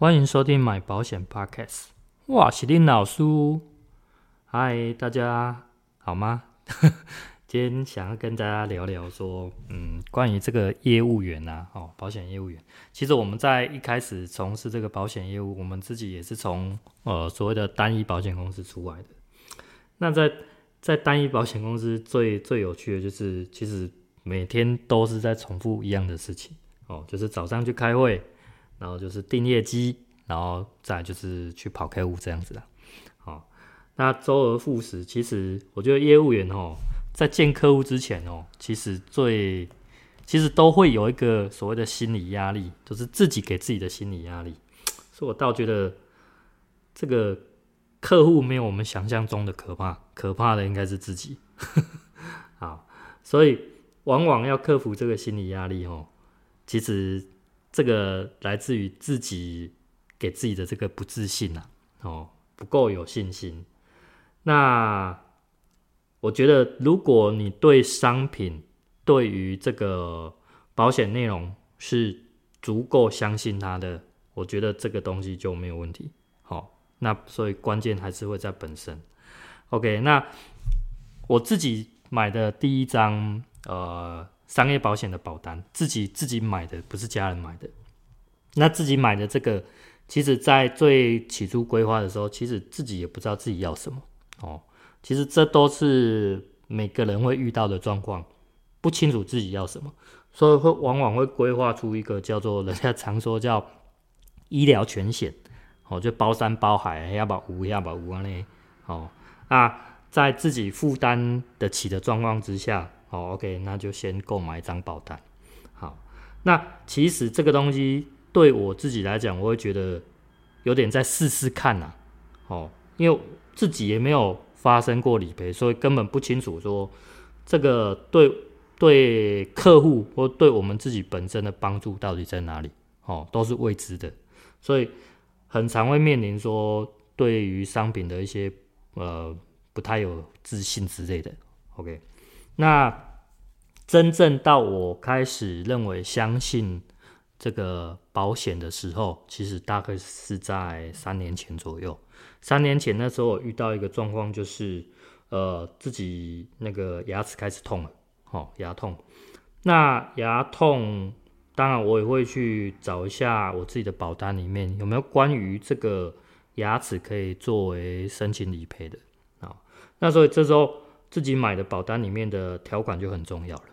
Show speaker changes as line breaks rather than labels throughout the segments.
歡迎收聽買保險 Podcast。哇，是林老叔。嗨，大家好嗎？ 今天想要跟大家聊聊說，嗯，關於這個業務員啊，哦，保險業務員。其實我們在一開始從事這個保險業務，我們自己也是從呃所謂的單一保險公司出來的。那在在單一保險公司最，最最有趣的就是，其實每天都是在重複一樣的事情哦，就是早上去開會。然後就是訂業績，然後再就是去跑客戶這樣子的，好，那周而復始。其實我覺得業務員哦，在見客戶之前哦，其實最其實都會有一個所謂的心理壓力，就是自己給自己的心理壓力。所以我倒覺得這個客戶沒有我們想象中的可怕，可怕的應該是自己。啊， 所以往往要克服這個心理壓力哦，其實。這個來自於自己給自己的這個不自信吶、啊，哦，不夠有信心。那我覺得，如果你對商品對於這個保險內容是足夠相信它的，我覺得這個東西就沒有問題。好、哦，那所以關鍵還是會在本身。OK，那我自己買的第一張呃。商業保險的保單，自己自己買的，不是家人買的。那自己買的這個，其實在最起初規劃的時候，其實自己也不知道自己要什麼哦。其實這都是每個人會遇到的狀況，不清楚自己要什麼，所以會往往會規劃出一個叫做人家常說叫醫療全險哦，就包山包海，要保五，要保五安呢。哦，那在自己負擔得起的狀況之下。好，OK，那就先購買一張保單。好，那其實這個東西對我自己來講，我會覺得有點在試試看呐啊。哦，因為自己也沒有發生過理賠，所以根本不清楚說這個對對客戶或對我們自己本身的幫助到底在哪裡。哦，都是未知的，所以很常會面臨說對於商品的一些呃不太有自信之類的。OK。那真正到我開始認為相信這個保險的時候，其實大概是在三年前左右。三年前那時候，我遇到一個狀況，就是呃，自己那個牙齒開始痛了，齁，牙痛。那牙痛，當然我也會去找一下我自己的保單裡面有沒有關於這個牙齒可以作為申請理賠的啊。那所以這時候。自己買的保單裡面的條款就很重要了，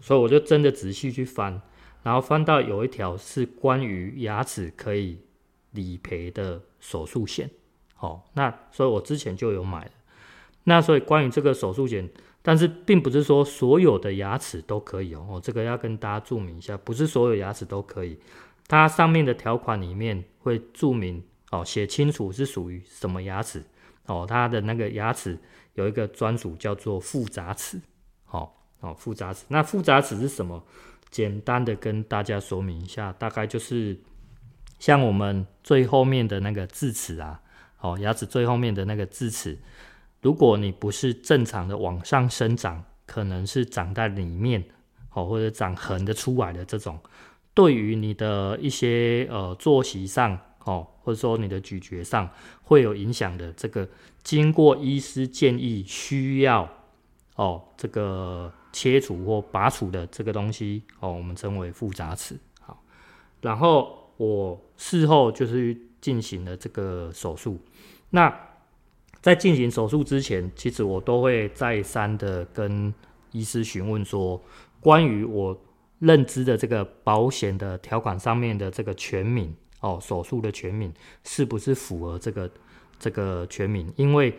所以我就真的仔細去翻，然後翻到有一條是關於牙齒可以理賠的手術險，哦，那所以我之前就有買了，那所以關於這個手術險，但是並不是說所有的牙齒都可以哦，哦，這個要跟大家注明一下，不是所有牙齒都可以，它上面的條款裡面會注明哦，寫清楚是屬於什麼牙齒哦，它的那個牙齒。有一個專屬叫做複雜齒，好、哦，好複雜齒。那複雜齒是什麼？簡單的跟大家說明一下，大概就是像我們最後面的那個智齒啊，好、哦，牙齒最後面的那個智齒，如果你不是正常的往上生長，可能是長在裡面，好、哦，或者長橫的出來的這種，對於你的一些呃作息上。哦，或者說你的咀嚼上會有影響的，這個經過醫師建議需要哦，這個切除或拔除的這個東西哦，我們稱為複雜齒。好，然後我事後就是進行了這個手術。那在進行手術之前，其實我都會再三的跟醫師詢問說，關於我認知的這個保險的條款上面的這個全名。哦，手術的全名是不是符合這個這個全名？因為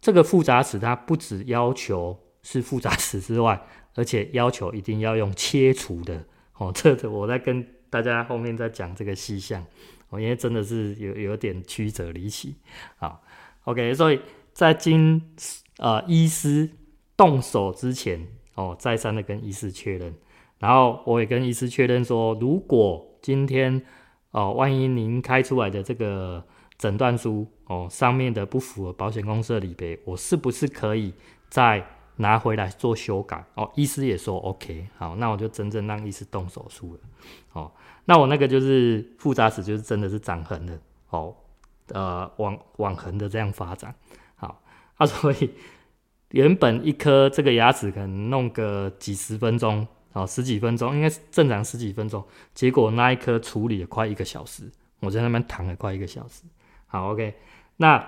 這個複雜史，它不只要求是複雜史之外，而且要求一定要用切除的哦。這個我在跟大家後面再講這個細項，因為真的是有有點曲折離奇啊。OK，所以在經呃醫師動手之前，哦再三的跟醫師確認，然後我也跟醫師確認說，如果今天。哦，萬一您開出來的這個診斷書哦，上面的不符合保險公司的理賠，我是不是可以再拿回來做修改？哦，醫師也說 OK，好，那我就真正讓醫師動手術了。哦，那我那個就是複雜齒，就是真的是長橫的，哦，呃，往往橫的這樣發展。好，啊，所以原本一顆這個牙齒可能弄個幾十分鐘。哦，十幾分鐘應該是正常十幾分鐘，結果那一顆處理了快一個小時，我在那邊躺了快一個小時。好，OK，那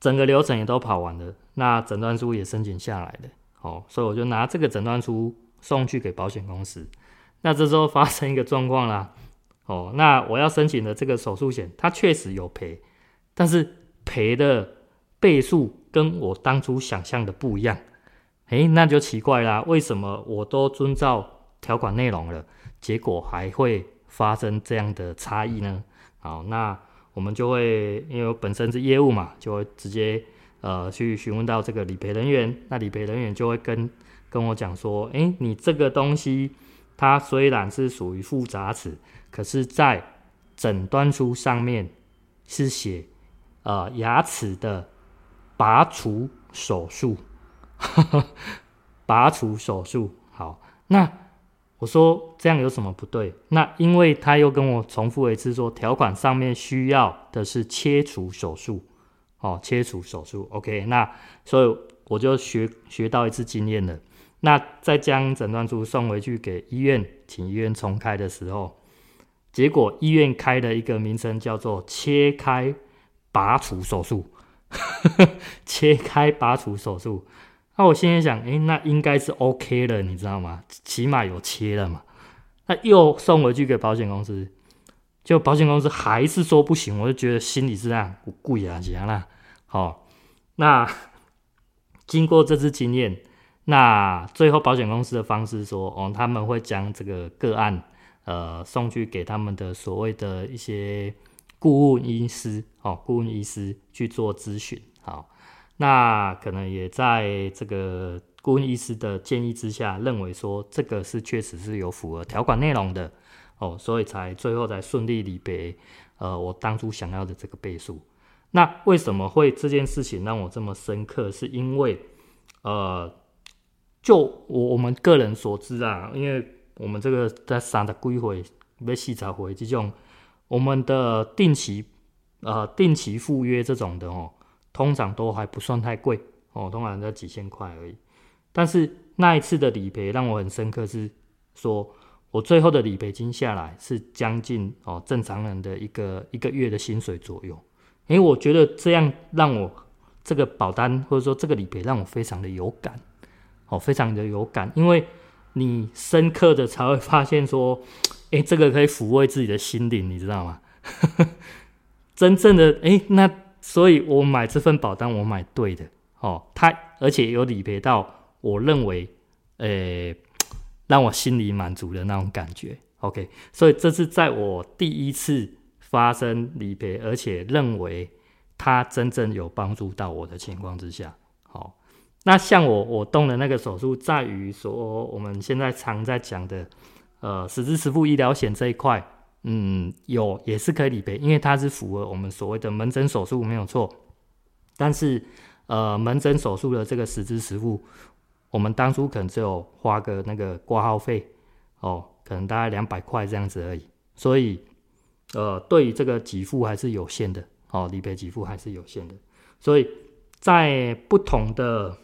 整個流程也都跑完了，那診斷書也申請下來了。哦，所以我就拿這個診斷書送去給保險公司。那這時候發生一個狀況啦，哦，那我要申請的這個手術險，它確實有賠，但是賠的倍數跟我當初想象的不一樣。哎、欸，那就奇怪啦，為什麼我都遵照條款內容了，結果還會發生這樣的差異呢、嗯？好，那我們就會因為本身是業務嘛，就會直接呃去詢問到這個理賠人員，那理賠人員就會跟跟我講說，哎、欸，你這個東西它雖然是屬於複雜齒，可是在診斷書上面是寫呃牙齒的拔除手術。哈哈，拔除手術好。那我說，這樣有什麼不對？那因為他又跟我重複一次說，條款上面需要的是切除手術，哦，切除手術。OK，那所以我就學學到一次經驗了。那再將診斷書送回去給醫院，請醫院重開的時候，結果醫院開了一個名稱叫做切開拔除手術，哈哈，切開拔除手術。那我現在想，哎、欸，那應該是 OK 了，你知道嗎？起碼有切了嘛。那又送回去給保險公司，就保險公司還是說不行，我就覺得心裡是這樣，貴啊，怎樣好、哦，那經過這次經驗，那最後保險公司的方式說，哦，他們會將這個個案，呃，送去給他們的所謂的一些顧問醫師，哦，顧問醫師去做諮詢，好、哦。那可能也在這個顧問醫師的建議之下，認為說這個是確實是有符合條款內容的哦，所以才最後才順利理賠。呃，我當初想要的這個倍數。那為什麼會這件事情讓我這麼深刻？是因為呃，就我我們個人所知啊，因為我們這個在三的規回，被細查回這種，我們的定期呃定期附約這種的哦。通常都還不算太貴哦，通常才幾千塊而已。但是那一次的理賠讓我很深刻，是說我最後的理賠金下來是將近哦正常人的一個一個月的薪水左右。因、欸、為我覺得這樣讓我這個保單或者說這個理賠讓我非常的有感哦，非常的有感，因為你深刻的才會發現說，誒、欸，這個可以撫慰自己的心靈，你知道嗎？ 真正的誒、欸。那。所以我買這份保單，我買對的哦，他而且有理賠到，我認為，誒、欸，讓我心裡滿足的那種感覺，OK。所以這是在我第一次發生理賠，而且認為他真正有幫助到我的情況之下，哦，那像我我動的那個手術，在於說我們現在常在講的，呃，實支實付醫療險這一塊。嗯，有也是可以理賠，因為它是符合我們所謂的門診手術沒有錯。但是，呃，門診手術的這個實支實付，我們當初可能只有花個那個掛號費，哦，可能大概兩百塊這樣子而已。所以，呃，對於這個給付還是有限的，哦，理賠給付還是有限的。所以在不同的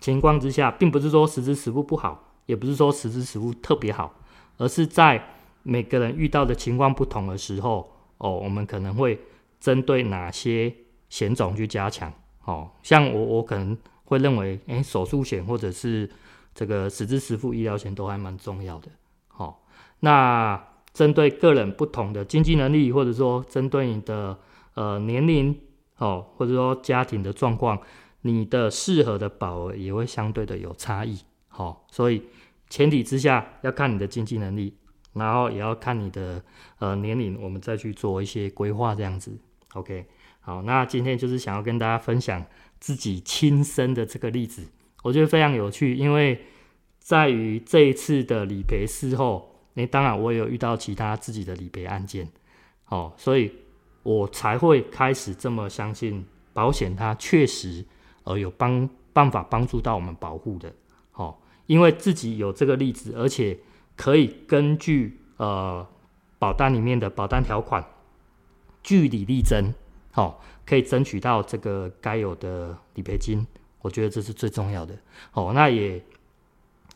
情況之下，並不是說實支實付不好，也不是說實支實付特別好，而是在。每個人遇到的情況不同的時候，哦，我們可能會針對哪些險種去加強哦？像我，我可能會認為，哎、欸，手術險或者是這個實支實付醫療險都還蠻重要的。哦，那針對個人不同的經濟能力，或者說針對你的呃年齡哦，或者說家庭的狀況，你的適合的保額也會相對的有差異。哦，所以前提之下要看你的經濟能力。然後也要看你的呃年齡，我們再去做一些規劃這樣子。OK，好，那今天就是想要跟大家分享自己親身的這個例子，我覺得非常有趣，因為在於這一次的理賠事後，那、欸、當然我也有遇到其他自己的理賠案件，哦，所以我才會開始這麼相信保險，它確實呃有幫辦法幫助到我們保護的。好、哦，因為自己有這個例子，而且。可以根據呃保單裡面的保單條款據理力爭，好、哦，可以爭取到這個該有的理賠金。我覺得這是最重要的。好、哦，那也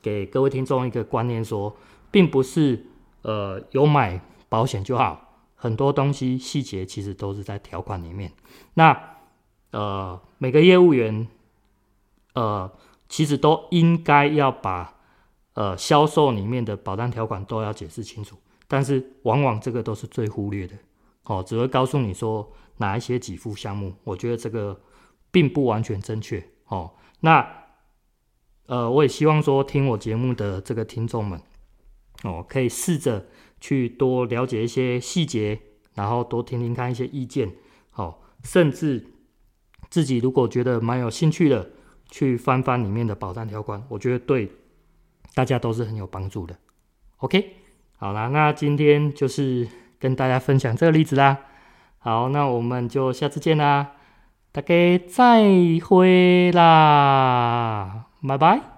給各位聽眾一個觀念說，說並不是呃有買保險就好，很多東西細節其實都是在條款裡面。那呃每個業務員呃其實都應該要把。呃，銷售裡面的保單條款都要解釋清楚，但是往往這個都是最忽略的哦，只會告訴你說，哪一些給付項目。我覺得這個並不完全正確哦。那呃，我也希望說聽我節目的這個聽眾們哦，可以試着去多了解一些細節，然後多聽聽看一些意見哦，甚至自己如果覺得蠻有興趣的，去翻翻裡面的保單條款，我覺得對。大家都是很有幫助的，OK，好啦，那今天就是跟大家分享這個例子啦。好，那我們就下次見啦，大家再會啦，拜拜。